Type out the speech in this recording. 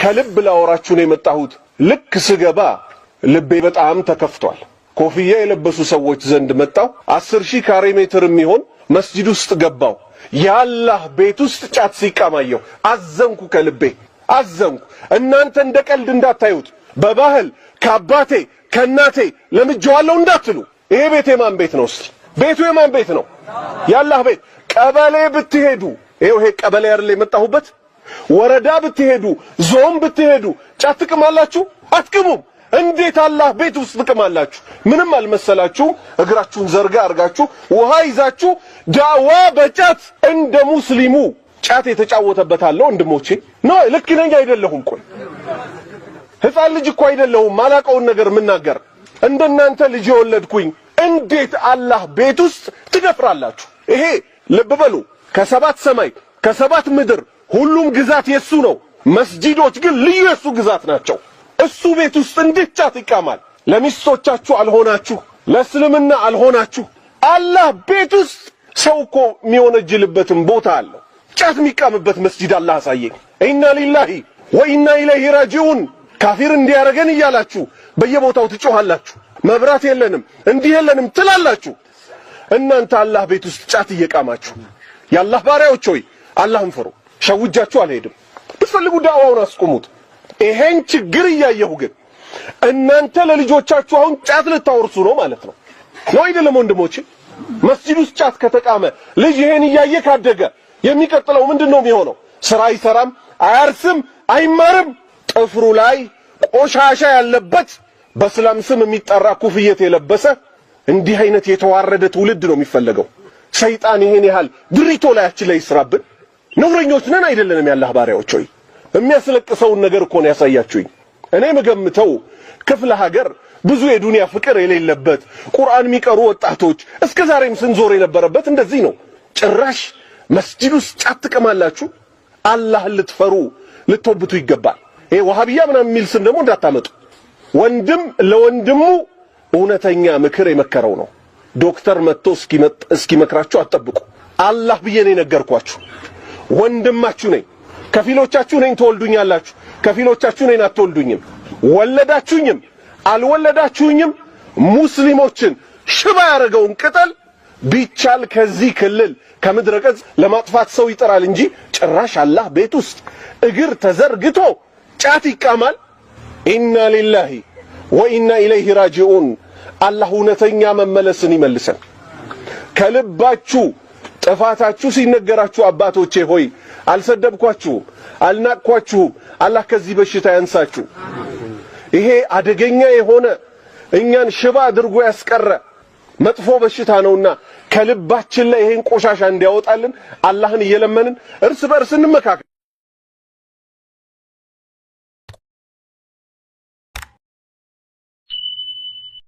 ከልብ ላወራችሁ ነው የመጣሁት። ልክ ስገባ ልቤ በጣም ተከፍቷል። ኮፍያ የለበሱ ሰዎች ዘንድ መጣው። አስር ሺህ ካሬ ሜትር የሚሆን መስጂድ ውስጥ ገባው። የአላህ ቤት ውስጥ ጫት ሲቃማየው አዘንኩ፣ ከልቤ አዘንኩ። እናንተ እንደ ቀልድ እንዳታዩት፣ በባህል ከአባቴ ከእናቴ ለምጄዋለሁ እንዳትሉ። ይሄ ቤት የማን ቤት ነው? እስቲ ቤቱ የማን ቤት ነው? ያላህ ቤት። ቀበሌ ብትሄዱ ይሄው ይሄ ቀበሌ አይደል የመጣሁበት ወረዳ ብትሄዱ፣ ዞን ብትሄዱ ጫት ትቅማላችሁ አትቅሙም። እንዴት አላህ ቤት ውስጥ ትቅማላችሁ ምንም አልመሰላችሁም። እግራችሁን ዘርጋ አርጋችሁ ውሃ ይዛችሁ ዳዋ በጫት እንደ ሙስሊሙ ጫት የተጫወተበት አለ ወንድሞቼ። ነው ልክ ነኝ አይደለሁም? ቆይ ህፃን ልጅ እኮ አይደለሁም ማላቀውን ነገር ምናገር። እንደናንተ ልጅ የወለድኩኝ እንዴት አላህ ቤት ውስጥ ትደፍራላችሁ? ይሄ ልብ በሉ ከሰባት ሰማይ ከሰባት ምድር ሁሉም ግዛት የሱ ነው። መስጂዶች ግን ልዩ የሱ ግዛት ናቸው። እሱ ቤት ውስጥ እንዴት ጫት ይቃማል? ለሚስቶቻችሁ አልሆናችሁ፣ ለእስልምና አልሆናችሁ። አላህ ቤት ውስጥ ሰው እኮ የሚወነጅልበትን ቦታ አለው። ጫት የሚቃምበት መስጂድ አላህ አሳየኝ። ኢና ሊላሂ ወኢና ኢለይሂ ራጂዑን ካፊር እንዲያረገን እያላችሁ በየቦታው ትጮኋላችሁ መብራት የለንም እንዲህ የለንም ትላላችሁ። እናንተ አላህ ቤት ውስጥ ጫት እየቃማችሁ፣ የአላህ ባሪያዎች ሆይ አላህን ፍሩ። ሸውጃችሁ አልሄድም። ብትፈልጉ ዳዋውን አስቆሙት። ይሄን ችግር እያየሁ ግን እናንተ ለልጆቻችሁ አሁን ጫት ልታወርሱ ነው ማለት ነው ነው አይደለም? ወንድሞቼ መስጂድ ውስጥ ጫት ከተቃመ ልጅ ይሄን እያየ ካደገ የሚቀጥለው ምንድን ነው የሚሆነው? ስራ አይሰራም፣ አያርስም፣ አይማርም። ጥፍሩ ላይ ቆሻሻ ያለበት በስላም ስም የሚጠራ ኩፍየት የለበሰ እንዲህ አይነት የተዋረደ ትውልድ ነው የሚፈለገው። ሰይጣን ይሄን ያህል ድሪቶ ላያችን ላይ ይስራብን። ነውረኞች ነን አይደለንም? ያላህ ባሪያዎች ሆይ የሚያስለቅሰውን ነገር እኮ ነው ያሳያችሁኝ። እኔ መገምተው ክፍለ ሀገር ብዙ የዱንያ ፍቅር የሌለበት ቁርአን የሚቀሩ ወጣቶች እስከ ዛሬም ስንዞር የነበረበት እንደዚህ ነው። ጭራሽ መስጂድ ውስጥ ጫት ትቅማላችሁ። አላህን ልትፈሩ ልትወብቱ ይገባል። ይሄ ወሃቢያ ምናምን የሚል ስም ደግሞ እንዳታመጡ። ወንድም ለወንድሙ እውነተኛ ምክር የመከረው ነው። ዶክተር መጥቶ እስኪመክራችሁ አትጠብቁ። አላህ ብዬ ነው የነገርኳችሁ። ወንድማችሁ ነኝ። ከፊሎቻችሁ ነኝ ትወልዱኛላችሁ፣ ከፊሎቻችሁ ነኝ አትወልዱኝም። ወለዳችሁኝም አልወለዳችሁኝም ሙስሊሞችን ሽባ ያደረገውን ቅጠል ቢቻል ከዚህ ክልል ከምድረ ገጽ ለማጥፋት ሰው ይጠራል እንጂ ጭራሽ አላህ ቤት ውስጥ እግር ተዘርግቶ ጫት ይቃማል። ኢና ሊላሂ ወኢና ኢለይሂ ራጂኡን። አላህ እውነተኛ መመለስን ይመልሰን። ከልባችሁ ጥፋታችሁ ሲነገራችሁ አባቶቼ ሆይ አልሰደብኳችሁ አልናቅኳችሁ። አላህ ከዚህ በሽታ ያንሳችሁ። ይሄ አደገኛ የሆነ እኛን ሽባ አድርጎ ያስቀረ መጥፎ በሽታ ነውና ከልባችን ላይ ይሄን ቆሻሻ እንዲያወጣልን አላህን እየለመንን እርስ በርስ እንመካከል።